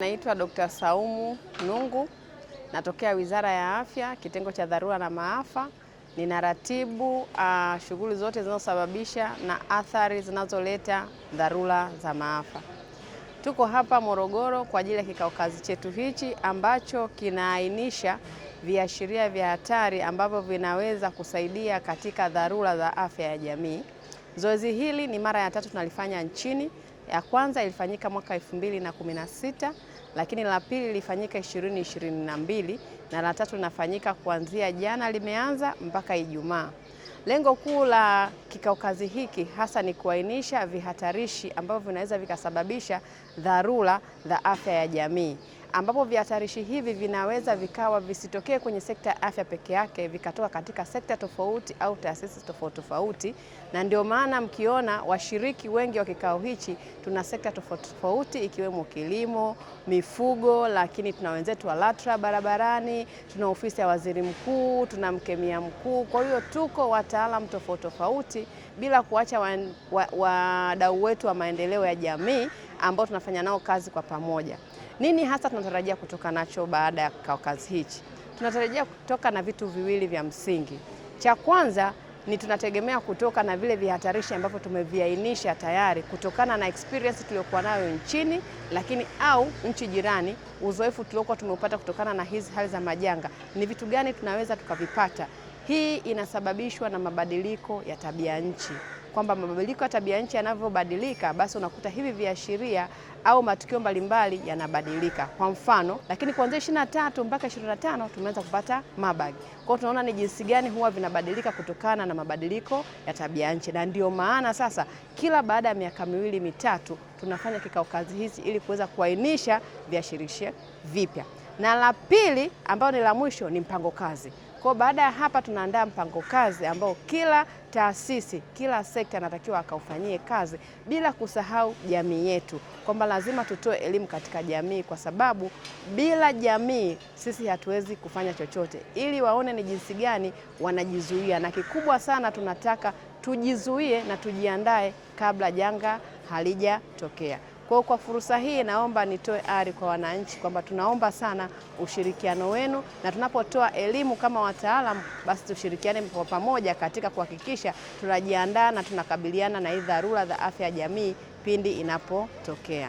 Naitwa Dr. Saumu Nungu, natokea Wizara ya Afya, kitengo cha dharura na maafa. Ninaratibu uh, shughuli zote zinazosababisha na athari zinazoleta dharura za maafa. Tuko hapa Morogoro kwa ajili ya kikao kazi chetu hichi ambacho kinaainisha viashiria vya hatari ambavyo vinaweza kusaidia katika dharura za afya ya jamii. Zoezi hili ni mara ya tatu tunalifanya nchini ya kwanza ilifanyika mwaka 2016 lakini la pili lilifanyika 2022 na la tatu linafanyika kuanzia jana limeanza mpaka Ijumaa. Lengo kuu la kikao kazi hiki hasa ni kuainisha vihatarishi ambavyo vinaweza vikasababisha dharura za afya ya jamii ambapo vihatarishi hivi vinaweza vikawa visitokee kwenye sekta ya afya peke yake, vikatoka katika sekta tofauti au taasisi tofauti tofauti, na ndio maana mkiona washiriki wengi wa kikao hichi tuna sekta tofauti tofauti, ikiwemo kilimo, mifugo, lakini tuna wenzetu wa LATRA barabarani, tuna ofisi ya waziri mkuu, tuna mkemia mkuu. Kwa hiyo tuko wataalamu tofauti tofauti, bila kuacha wadau wa, wa wetu wa maendeleo ya jamii ambao tunafanya nao kazi kwa pamoja. Nini hasa tunatarajia kutoka nacho baada ya kazi hichi? Tunatarajia kutoka na vitu viwili vya msingi. Cha kwanza ni tunategemea kutoka na vile vihatarishi ambavyo tumeviainisha tayari kutokana na experience tuliyokuwa nayo nchini, lakini au nchi jirani, uzoefu tuliokuwa tumeupata kutokana na hizi hali za majanga, ni vitu gani tunaweza tukavipata. Hii inasababishwa na mabadiliko ya tabia nchi kwamba mabadiliko ya tabia nchi yanavyobadilika, basi unakuta hivi viashiria au matukio mbalimbali yanabadilika. Kwa mfano, lakini kuanzia ishirini na tatu mpaka ishirini na tano tumeanza kupata mabag. Kwa hiyo tunaona ni jinsi gani huwa vinabadilika kutokana na mabadiliko ya tabia nchi, na ndio maana sasa kila baada ya miaka miwili mitatu tunafanya kikao kazi hizi ili kuweza kuainisha viashirishe vipya, na la pili ambayo ni la mwisho ni mpango kazi. Kwa baada ya hapa tunaandaa mpango kazi ambao kila taasisi, kila sekta anatakiwa akaufanyie kazi bila kusahau jamii yetu, kwamba lazima tutoe elimu katika jamii, kwa sababu bila jamii sisi hatuwezi kufanya chochote, ili waone ni jinsi gani wanajizuia, na kikubwa sana tunataka tujizuie na tujiandae kabla janga halijatokea. Kwa kwa fursa hii naomba nitoe ari kwa wananchi kwamba tunaomba sana ushirikiano wenu, na tunapotoa elimu kama wataalamu, basi tushirikiane kwa pamoja katika kuhakikisha tunajiandaa na tunakabiliana na hii dharura za afya ya jamii pindi inapotokea.